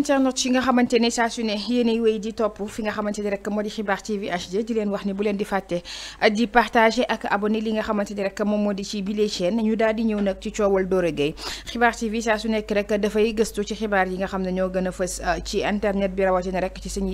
internautes yi nga xamante ne saa su ne yéenay wéy di topp fi nga xamante ne moom moo di ci yi nga xam ne ñoo a fës uh, ci internet bi rawatina rek ci uh,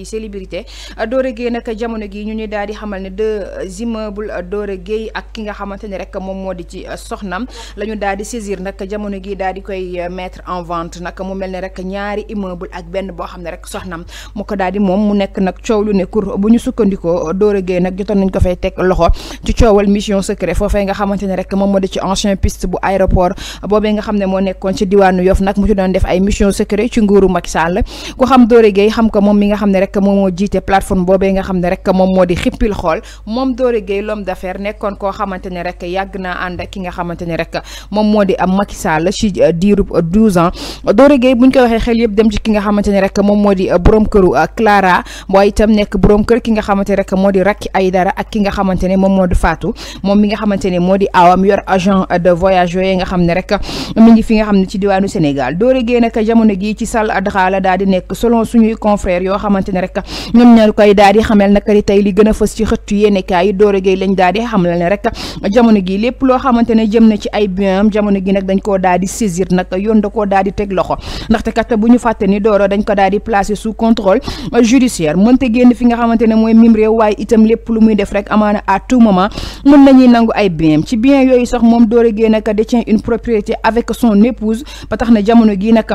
di xamal ne deux immeubles uh, Doro Gueye ak ki nga xamante moo di ci soxnam la ñu daal di saisir nag jamono gi daal di koy mettre en vente nag mu mel ne rek ñaari immeuble ak benn boo xam ne rek soxnam mu ko daal di moom mu nekk nag coow lu ne kur bu ñu sukkandikoo Doro Gueye nag jotoon nañ ko fay teg loxo ci coowal mission secret foofee nga xamante ne rek moom moo di ci ancien piste bu aéroport boobee nga xam ne moo nekkoon ci diwaanu yof nag mu ci doon def ay mission secret ci nguuru Macky Sall ku xam Doro Gueye xam ko moom mi nga xam ne rek moom moo jiite plateforme boobee nga xam ne rek moom moo di xippil xool moom Doro Gueye l'homme d'affaires nekkoon koo xamante ne rek yàgg naa ànd ak ki nga xamante ne rek moom moo di am Macky Sall ci diirub 12 ans Doro Gueye buñ ko waxee xel yëpp dem ci ki nga xamante ni rek moom moo di euh, borom këru euh, Clara waaye itam nekk borom kër ki nga xamante ne rek moo di ay Aïdara ak ki nga xamante ne moom moo di Fatou moom mi nga xamante ne moo di awam yor agent euh, de voyage yooyu nga xam ne rek mi ngi fi nga xam ne ci diwaanu Sénégal doore gée nag jamono gii ci sall adxaala daal di nekk selon suñuy confrères yoo xamante ne rek ñoom ñoo koy daal di xamel naka tey li gën a fës ci xëttu yéenekaay yi doore gée lañ daal di xamle ne rek jamono gi lépp loo xamante ne jëm na ci ay bien am jamono gi nag dañ koo daal di saisir nag yoon da koo daal di teg loxo ndaxte kat bu ñu fàtte ni door jàngoro dañ ko daldi placer sous contrôle judiciaire mënta génn fi nga xamantene moy mim rew way itam lepp lu muy def rek amana à tout moment mën nañuy nangu ay bien ci bien yoy sax mom Doré Gueye ka détient une propriété avec son épouse ba tax na jamono gi nak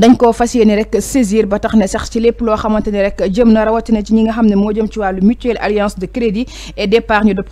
dañ koo fas yéene rek saisir ba tax ne sax ci lépp loo xamante ne rek jëm na rawatina ci ñi nga xam ne moo jëm ci wàllu mutuelle alliance de crédit et d'épargne de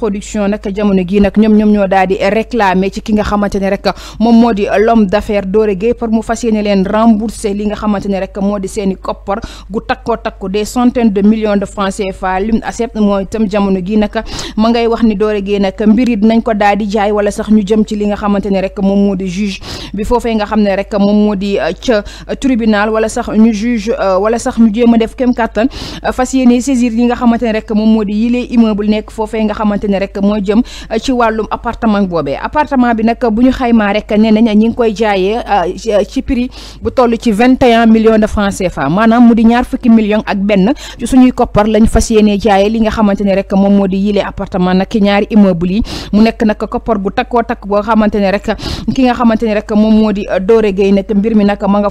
nag jamono gii nag ñoom ñoom ñoo daal di réclamer ci ki nga xamante ne rek moom moo di l'homme d'affaires Doro Gueye mu fas yéene leen rembourser li nga xamante ne rek moo di seen i koppar gu takkoo takku des centaines de millions de francs CFA lim accept mooy itam jamono gii nag ma ngay wax ni Doro Gueye nag mbir yi dinañ ko daal di jaay wala sax ñu jëm ci li nga xamante ne rek moom moo di juge bi foofee nga xam ne rek moom moo di ca Euh, tribunal wala sax ñu juge euh, wala sax ñu jéem a def kem kàttan euh, fas yéene saisir yi nga xamante ne rek moom moo di yilee immeuble nekk foofee nga xamante ne rek mooy jëm ci wàllum appartement boobee appartement bi nag bu ñu xaymaa rek nee nañ ñi ngi koy jaayee ci prix bu toll ci vingt et de francs CFA maanaam mu di ñaar fukki millions ak benn ci suñuy koppar lañ fas yéene jaayee li nga xamante ne rek moom moo di yilee appartement nag ki ñaari immeuble yi mu nekk nag koppar gu takkoo takk boo xamante ne rek ki nga xamante ne rek moom moo di Doro gay nag mbir mi nag ma nga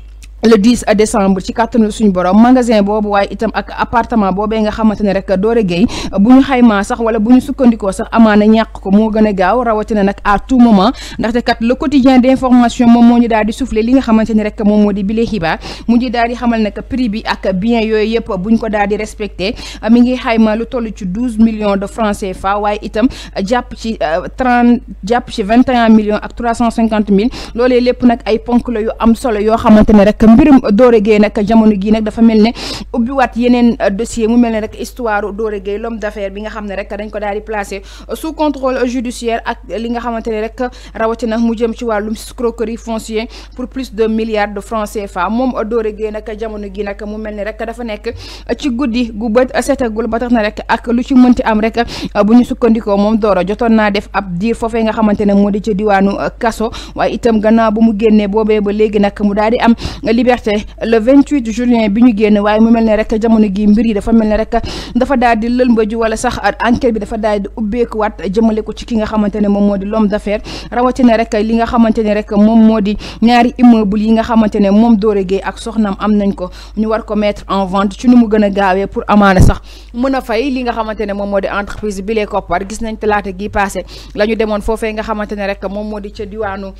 le 10 décembre ci kàttanu suñu borom magasin boobu waaye itam ak appartement boobee nga xamante ne rek Doro Gueye bu ñu xaymaa sax wala bu ñu sukkandikoo sax amaana ñàkk ko moo gën a gaaw rawatina nag à tout moment ndax kat le quotidien d' information moom moo ñu daal di soufflé li nga xamante ne rek moom moo di bile xibaar mu ngi daal di xamal nag prix bi ak bien yooyu yëpp bu ñu ko daal di respecté mi ngi xayma lu toll ci 12 millions de francs CFA waaye itam jàpp ci 30 euh, jàpp ci 21 millions ak 350 mille loolee lépp nag ay ponk la yu solo yoo xamante ne rek. mbirum Doro Gueye nag jamono gii nag dafa mel ne ubbiwaat yeneen euh, dossier mu mel ne rek histoire Doro Gueye l'homme d'affaires bi nga xam ne rek dañ ko daal di placé euh, sous contrôle judiciaire ak li nga xamante ne rek rawatina mu jëm ci wàllum escroquerie foncière pour plus de milliards de francs CFA moom euh, Doro Gueye nag jamono gi nag mu mel ni rek dafa nekk ci guddi gu bët setagul ba tax na rek ak lu ci mënti am rek bu ñu sukkandikoo moom Doro jotoon naa def ab diir foofee nga xamante ne moo di ca diwaanu kaso waaye itam gannaaw bu mu génnee boobee ba léegi nag mu daal di am liberté le vingt 28 juin bi ñu génn waaye mu mel ne rek jamono gi mbir yi dafa mel ne rek dafa daal di lëlmbaju wala sax enquête bi dafa daal di ubbeekuwaat jëmale ko ci ki nga xamante ne moom moo di l'homme d'affaires rawatina rek li nga xamante ne rek moom moo di ñaari immeuble yi nga xamante ne moom Doro Gueye ak soxnaam am nañ ko ñu war ko metre en vente ci nu mu gën a gaawee pour amaana sax mën a fay li nga xamante ne moom moo di entreprise bi lee koppar gis nañ talaata gi passé la ñu demoon foofee nga xamante ne rek moom moo di ca diwaanu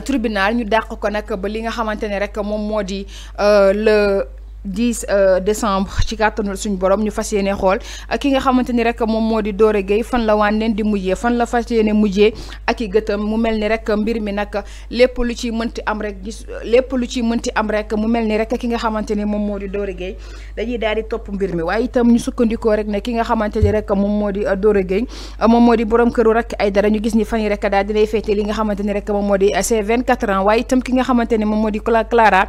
tribunal ñu dàq ko nag ba li nga xamante ne rek euh, le 10 euh, décembre ci kàttanul suñu borom ñu fas yéene xool ak ki nga xamante rek moom moo di Doro Gueye fan la waan leen di mujjee fan la fas yéene mujjee ak i gëtam mu mel ni rek mbir mi nag lépp lu ci mënti am rek gis lépp lu ci mënti am rek mu mel ni rek ki nga xamante ni moom moo di Doro Gueye dañuy daal di topp mbir mi waaye itam ñu sukkandikoo rek ne ki nga xamante ni rek moom moo di euh, Doro Gueye euh, moom moo di borom këru rek ay dara ñu gis ni fan yi rek daal dinay féete li nga xamante ni rek moom moo di ses 24 ans waaye itam ki nga xamante ni moom moo di Clara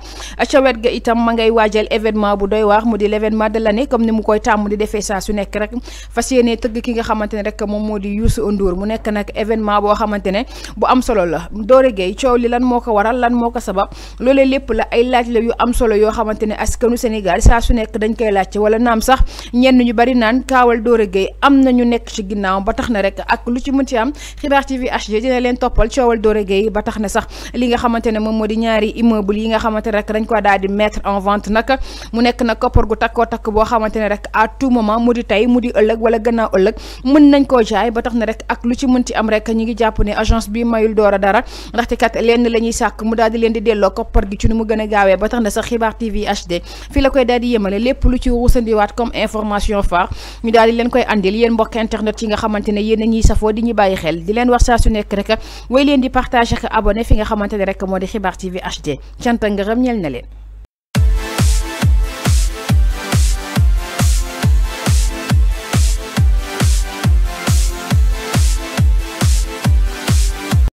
ca wet ga itam ma ngay waajal événement bu doy waar mu di l' de l' année comme ni mu koy tàmm di defee saa su nekk rek fas yéene tëgg ki nga xamante ne moom moo di Youssou Ndour mu nekk nag événement boo xamante bu am solo la Doro Gueye coow li lan moo ko waral lan moo ko sabab loolee lépp la ay laaj la yu am solo yoo xamante ne askanu Sénégal saa su nekk dañ koy laajte wala naam sax ñenn ñu bari naan kaawal Doro am na ñu nekk ci ginnaaw ba tax na rek ak lu ci mën ci am Xibaar TV HD dina leen mu nekk nag koppar gu takkoo takk boo xamante ne rek à tout moment mu di tey mu di ëllëg wala gannaaw ëllëg mën nañ koo jaay ba tax na rek ak lu ci mën ci am rek ñi ngi jàpp ne agence bi mayul doora dara ndaxte kat lenn la ñuy sàkk mu daal di leen di delloo koppar gi mu gën a ba tax na sax xibaar fii la koy daal di yemale lépp lu ci ruusandiwaat comme information phare ñu daal di leen koy andil yéen mbokk internet yi nga xamante ne yéen a ñuy safoo di ñu bàyyi xel di leen wax saa su nekk rek way leen di partager ak abonné fi nga xamante ne rek moo di xibaar TV HD cant ngërëm ñel na leen